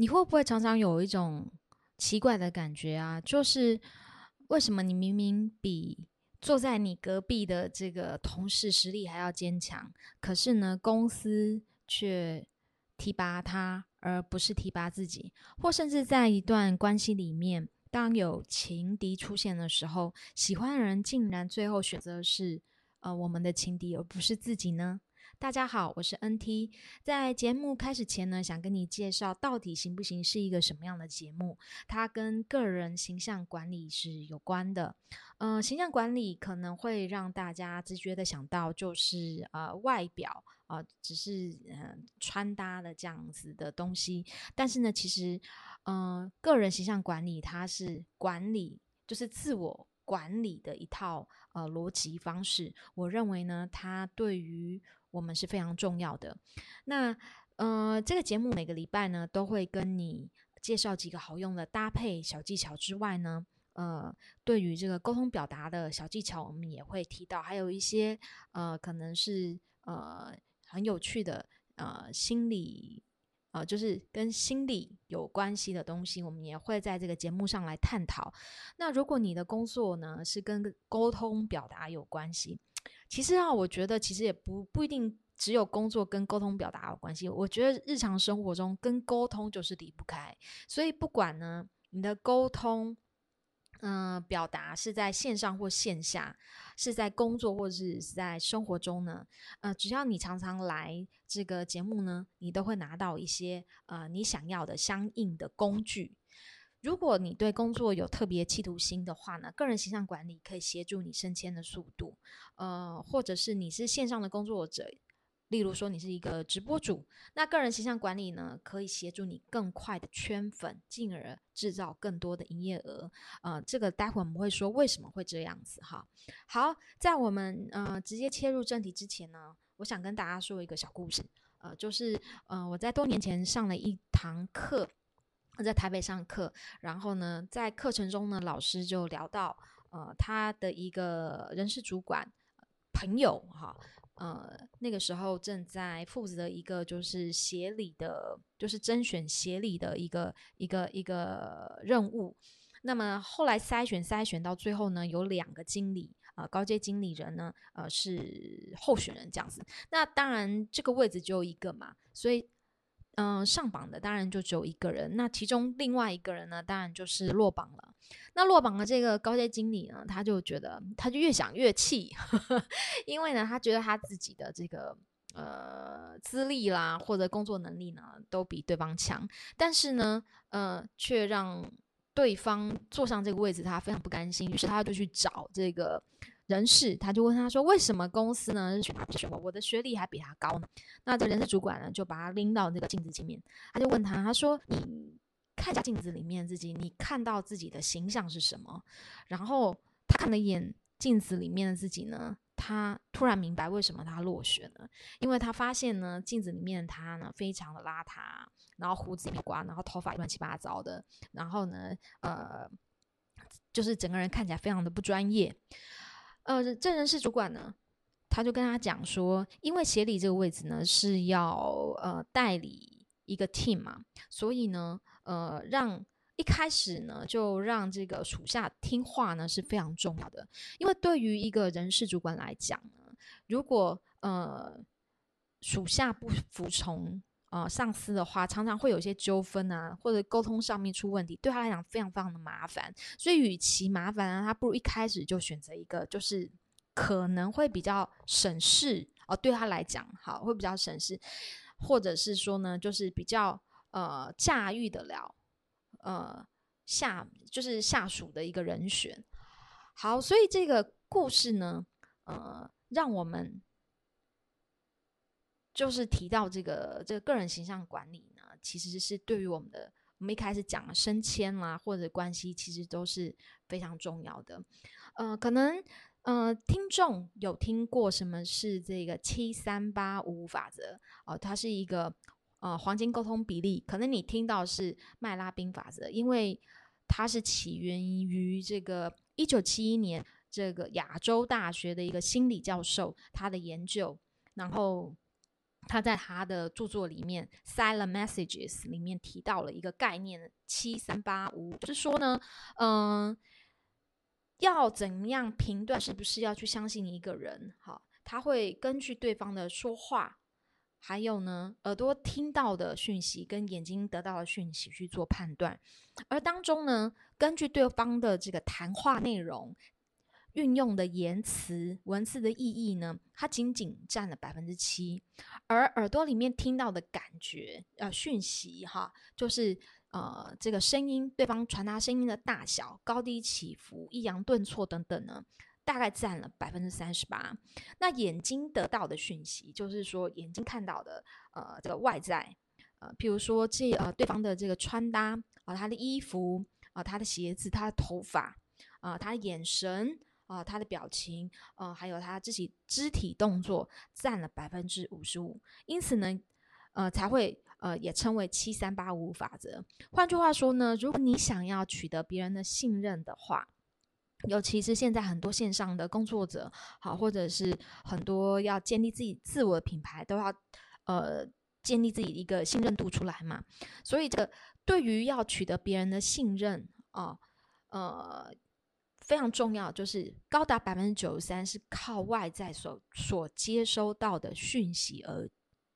你會不會常常有一種奇怪的感覺啊？就是為什麼你明明比坐在你隔壁的這個同事實力還要堅強，可是呢，公司卻提拔他而不是提拔自己？或甚至在一段關係裡面，當有情敵出現的時候，喜歡的人竟然最後選擇是呃，我們的情敵而不是自己呢？大家好，我是 NT。在節目開始前呢，想跟你介紹，到底型不型是一個什麼樣的節目？它跟個人形象管理是有關的。嗯、呃，形象管理可能會讓大家直覺的想到，就是呃外表啊、呃，只是嗯、呃、穿搭的這樣子的東西。但是呢，其實嗯、呃，個人形象管理它是管理，就是自我。管理的一套呃邏輯方式，我認為呢，它對於我們是非常重要的。那呃，這個節目每個禮拜呢，都會跟你介紹幾個好用的搭配小技巧之外呢，呃，對於這個溝通表達的小技巧，我們也會提到，還有一些呃，可能是呃，很有趣的呃，心理。就是跟心理有關係的東西，我們也會在這個節目上來探討。那如果你的工作呢是跟溝通表達有關係，其實啊，我覺得其實也不不一定只有工作跟溝通表達有關係。我覺得日常生活中跟溝通就是離不開，所以不管呢，你的溝通。嗯、呃，表達是在線上或線下，是在工作或者是在生活中呢？呃，只要你常常來這個節目呢，你都會拿到一些呃你想要的相應的工具。如果你對工作有特別企圖心的話呢，個人形象管理可以協助你升遷的速度。呃，或者是你是線上的工作者，例如說，你是一個直播主，那個人形象管理呢，可以協助你更快的圈粉，進而製造更多的營業額。呃，這個待會我們會說為什麼會這樣子哈。好，在我們呃直接切入正題之前呢，我想跟大家說一個小故事。呃，就是呃我在多年前上了一堂課，在台北上課，然後呢，在課程中呢，老師就聊到呃他的一個人事主管朋友哈。呃，那個時候正在負責一個就是協理的，就是甄選協理的一個一個一個任務。那麼後來篩選篩選到最後呢，有兩個經理啊、呃，高階經理人呢，呃，是候選人這樣子。那當然這個位置就一個嘛，所以。嗯、呃，上榜的當然就只有一個人，那其中另外一個人呢，當然就是落榜了。那落榜的這個高階經理呢，他就覺得他就越想越氣呵呵，因為呢，他覺得他自己的這個呃資歷啦或者工作能力呢，都比對方強，但是呢，呃，卻讓對方坐上這個位置，他非常不甘心，於是他就去找這個。人事他就問他說：“為什麼公司呢？什麼？我的學歷還比他高呢？”那這人事主管呢，就把他拎到那個鏡子前面，他就問他：“他說，你、嗯、看一下鏡子裡面的自己，你看到自己的形象是什麼？”然後他看了一眼鏡子裡面的自己呢，他突然明白為什麼他落選了，因為他發現呢，鏡子裡面他呢，非常的邋遢，然後鬍子一刮，然後頭髮亂七八糟的，然後呢，呃，就是整個人看起來非常的不專業。呃，這人事主管呢，他就跟他講說，因為協理這個位置呢是要呃帶領一個 team 嘛，所以呢，呃，讓一開始呢就讓這個屬下聽話呢是非常重要的，因為對於一個人事主管來講呢，如果呃屬下不服從。呃，上司的話常常會有一些糾紛啊，或者溝通上面出問題，對他來講非常非常的麻煩。所以，與其麻煩啊，他不如一開始就選擇一個，就是可能會比較省事哦。對他來講，好，會比較省事，或者是說呢，就是比較，呃，駕馭得了，呃，下，就是下屬的一個人選。好，所以這個故事呢，呃，讓我們。就是提到這個這個個人形象管理呢，其實是對於我們的我們一開始講的升遷啦、啊、或者關係，其實都是非常重要的。呃，可能呃，聽眾有聽過什麼是這個七三八五法則哦、呃，它是一個呃黃金溝通比例。可能你聽到是麥拉賓法則，因為它是起源於這個一九七一年這個亞洲大學的一個心理教授他的研究，然後。他在他的著作裡面 Silent Messages，裡面提到了一個概念七三八五，5, 就是說呢，嗯、呃，要怎樣評斷是不是要去相信一個人？好，他會根據對方的說話，還有呢耳朵聽到的訊息跟眼睛得到的訊息去做判斷，而當中呢，根據對方的這個談話內容。運用的言辭文字的意義呢，它僅僅占了百分之七，而耳朵裡面聽到的感覺呃，訊息哈，就是呃這個聲音，對方傳達聲音的大小、高低起伏、抑揚頓挫等等呢，大概占了百分之三十八。那眼睛得到的訊息，就是說眼睛看到的呃這個外在呃，譬如說這呃對方的這個穿搭啊、呃，他的衣服啊、呃，他的鞋子，他的頭髮啊、呃，他的眼神。啊、呃，他的表情，呃，還有他自己肢體動作占了百分之五十五，因此呢，呃，才會呃也稱為七三八五法則。換句話說呢，如果你想要取得別人的信任的話，尤其是現在很多線上的工作者，好，或者是很多要建立自己自我的品牌，都要呃建立自己一個信任度出來嘛。所以，這對於要取得別人的信任啊，呃。呃非常重要，就是高達百分之九十三是靠外在所所接收到的訊息而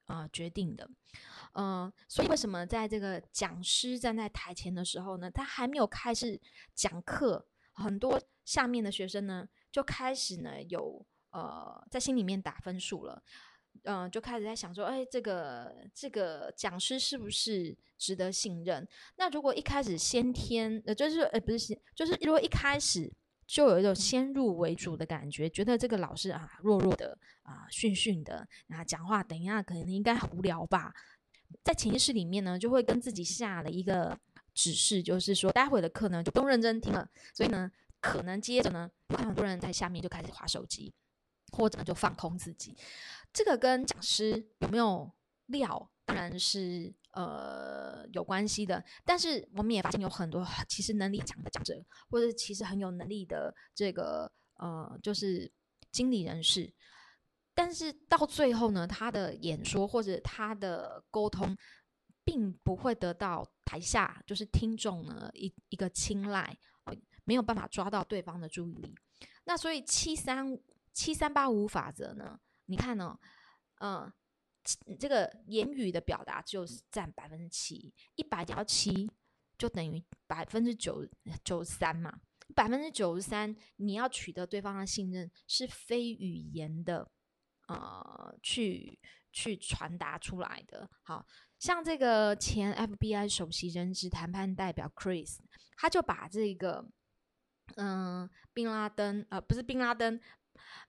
啊、呃、決定的，嗯、呃，所以為什麼在這個講師站在台前的時候呢，他還沒有開始講課，很多下面的學生呢就開始呢有呃在心裡面打分數了，嗯、呃，就開始在想說，哎、欸，這個這個講師是不是值得信任？那如果一開始先天呃就是呃、欸、不是就是如果一開始就有一種先入為主的感覺，覺得這個老師啊弱弱的啊遜遜的啊，訓訓的講話等一下可能應該很無聊吧，在潛意識裡面呢，就會跟自己下了一個指示，就是說待會的課呢就不認真聽了，所以呢，可能接着呢，看很多人在下面就開始滑手機，或者就放空自己。這個跟講師有沒有料，當然是。呃，有關係的，但是我們也發現有很多其實能力強的講者，或者其實很有能力的這個呃，就是經理人士，但是到最後呢，他的演說或者他的溝通，並不會得到台下就是聽眾呢一一個青睞，沒有辦法抓到對方的注意力。那所以七三七三八五法則呢，你看呢、哦，嗯、呃。這個言語的表達就是占百分之七，一百減七就等於百分之九九十三嘛。百分之九十三，你要取得對方的信任，是非語言的，呃，去去傳達出來的。好像這個前 FBI 首席人質談判代表 Chris，他就把這個，嗯、呃，賓拉登，呃，不是賓拉登。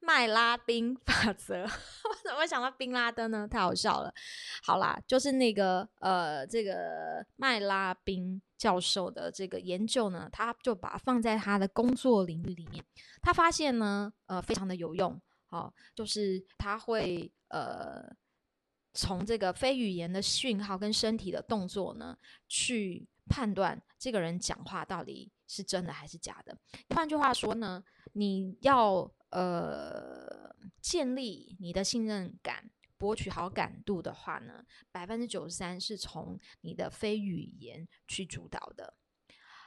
麥拉賓法則， 我怎麼會想到賓拉登呢？太好笑了。好啦，就是那個呃，這個麥拉賓教授的這個研究呢，他就把它放在他的工作領域裡面。他發現呢，呃，非常的有用。好、哦，就是他會呃，從這個非語言的訊號跟身體的動作呢，去判斷這個人講話到底是真的還是假的。換句話說呢，你要。呃，建立你的信任感，博取好感度的話呢，百分之九十三是從你的非語言去主導的。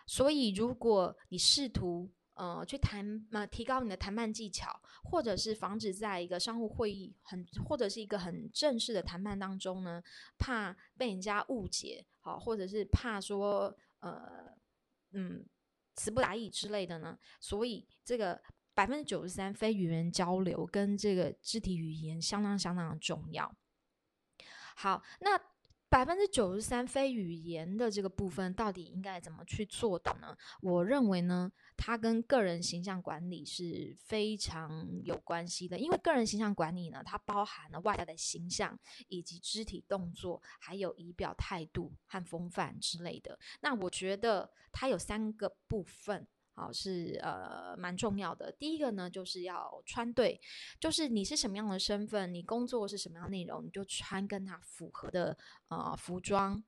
所以，如果你試圖呃去談嘛，呃，提高你的談判技巧，或者是防止在一個商務會議很或者是一個很正式的談判當中呢，怕被人家誤解，好，哦，或者是怕說呃嗯詞不達意之類的呢，所以這個。百分之九十三，非語言交流跟這個肢體語言相當相當的重要。好，那百分之九十三非語言的這個部分到底應該怎麼去做的呢？我認為呢，它跟個人形象管理是非常有關係的，因為個人形象管理呢，它包含了外在的形象以及肢體動作，還有儀表、態度和風範之類的。那我覺得它有三個部分。好是呃蠻重要的。第一個呢，就是要穿對，就是你是什麼樣的身份，你工作是什麼樣內容，你就穿跟他符合的呃服裝。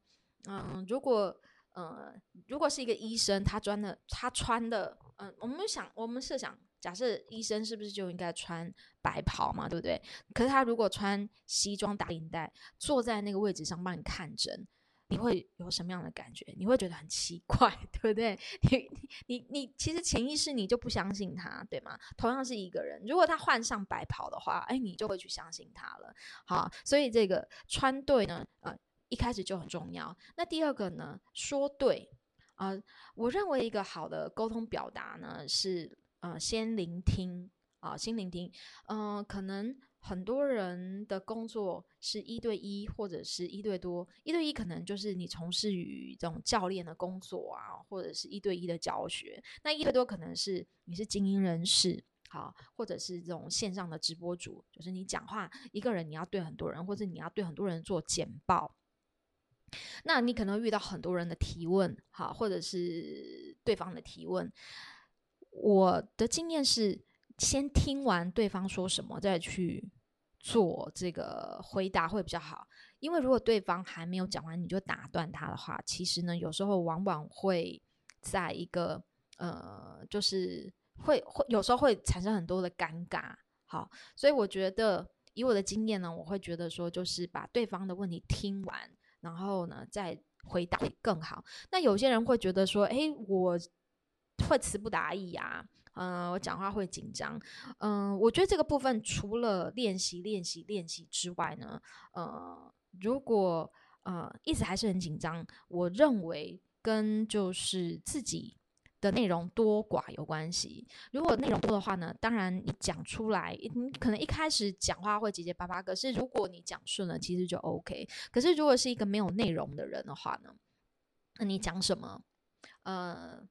嗯、呃，如果呃如果是一個醫生，他穿的他穿的，嗯、呃，我們想我們設想，假設醫生是不是就應該穿白袍嘛，對不對？可是他如果穿西裝打領帶，坐在那個位置上幫你看診。你會有什麼樣的感覺？你會覺得很奇怪，對不對？你你你，你，其實潛意識你就不相信他，對嗎？同樣是一個人，如果他換上白袍的話，哎，你就會去相信他了。好，所以這個穿對呢，呃，一開始就很重要。那第二個呢，說對啊、呃，我認為一個好的溝通表達呢，是呃，先聆聽啊，先、呃、聆聽，嗯、呃，可能。很多人的工作是一對一或者是一對多。一對一可能就是你從事於這種教練的工作啊，或者是一對一的教學。那一對多可能是你是精英人士，好，或者是這種線上的直播主，就是你講話一個人你要對很多人，或者是你要對很多人做簡報。那你可能遇到很多人的提問，好，或者是對方的提問。我的經驗是，先聽完對方說什麼，再去。做這個回答會比較好，因為如果對方還沒有講完，你就打斷他的話，其實呢，有時候往往會在一個呃，就是會會有時候會產生很多的尷尬。好，所以我覺得以我的經驗呢，我會覺得說，就是把對方的問題聽完，然後呢再回答更好。那有些人會覺得說，誒，我會詞不達意啊。嗯、呃，我講話會緊張。嗯、呃，我覺得這個部分除了練習、練習、練習之外呢，呃，如果呃，一直還是很緊張，我認為跟就是自己的內容多寡有關係。如果內容多的話呢，當然你講出來，你可能一開始講話會結結巴巴，可是如果你講順了，其實就 OK。可是如果是一個沒有內容的人的話呢，那你講什麼？呃。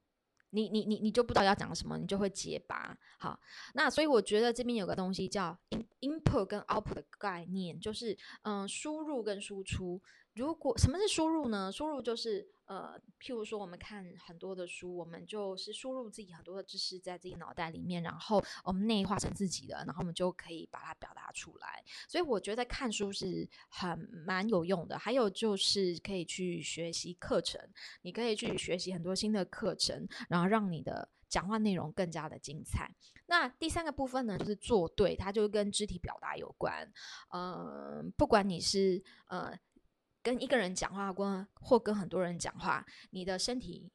你你你你就不知道要講什麼，你就會結巴。好，那所以我覺得這邊有個東西叫 input 跟 output 的概念，就是嗯，輸入跟輸出。如果什麼是輸入呢？輸入就是。呃，譬如說，我們看很多的書，我們就是輸入自己很多的知識在自己腦袋裡面，然後我們內化成自己的，然後我們就可以把它表達出來。所以我覺得看書是很蠻有用的。還有就是可以去學習課程，你可以去學習很多新的課程，然後讓你的講話內容更加的精彩。那第三個部分呢，就是做對，它就跟肢體表達有關。嗯、呃，不管你是呃。跟一個人講話，跟或跟很多人講話，你的身體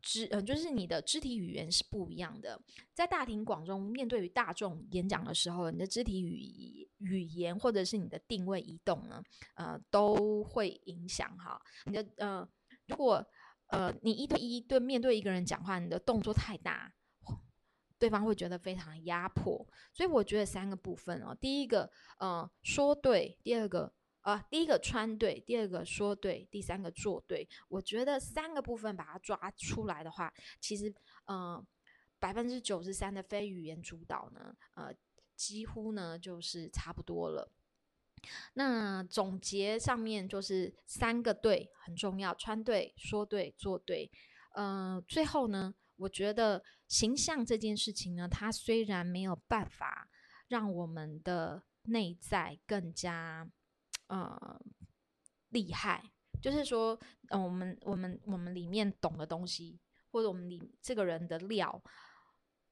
肢嗯、呃，就是你的肢體語言是不一樣的。在大庭廣眾面對於大眾演講的時候，你的肢體語語言或者是你的定位移動呢，呃，都會影響哈。你的呃，如果呃，你一對一對面對一個人講話，你的動作太大，哦，對方會覺得非常壓迫。所以我覺得三個部分哦，第一個，呃，說對；第二個。呃，第一個穿對，第二個說對，第三個做對。我覺得三個部分把它抓出來的話，其實，呃，百分之九十三的非語言主導呢，呃，幾乎呢就是差不多了。那總結上面就是三個對很重要：穿對、說對、做對。呃，最後呢，我覺得形象這件事情呢，它雖然沒有辦法讓我們的內在更加。呃，厲害，就是說，呃，我們我們我們裡面懂的東西，或者我們裡這個人的料，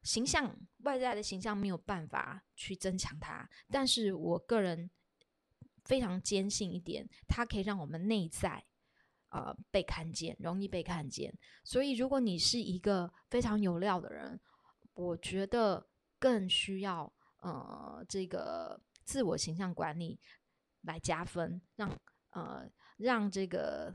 形象，外在的形象沒有辦法去增強它，但是我個人非常堅信一點，它可以讓我們內在呃被看見，容易被看見。所以，如果你是一個非常有料的人，我覺得更需要呃這個自我形象管理。來加分，讓呃讓這個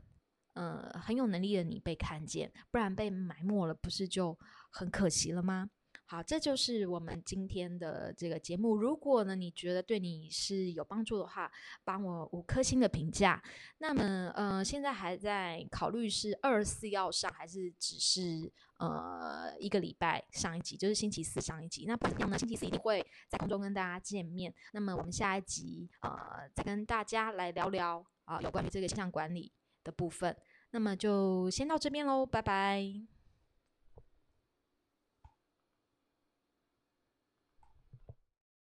呃很有能力的你被看見，不然被埋沒了，不是就很可惜了嗎？好，這就是我們今天的這個節目。如果呢，你覺得對你是有幫助的話，幫我五顆星的評價。那麼，呃，現在還在考慮是二四要上還是只是呃一個禮拜上一集，就是星期四上一集。那不一樣呢，星期四一定會在空中跟大家見面。那麼，我們下一集呃再跟大家來聊聊啊、呃，有關於這個形象管理的部分。那麼就先到這邊嘍，拜拜。